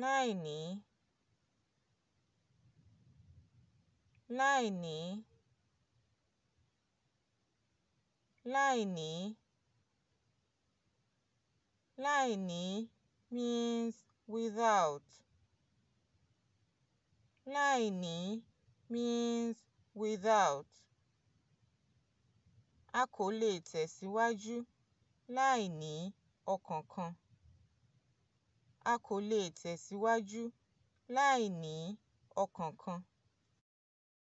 láìní láìní láìní láìní means without láìní means without a kò lè tẹ̀síwájú láìní ọkàn kan a kò lè tẹ̀síwájú láì ní ọkàn kan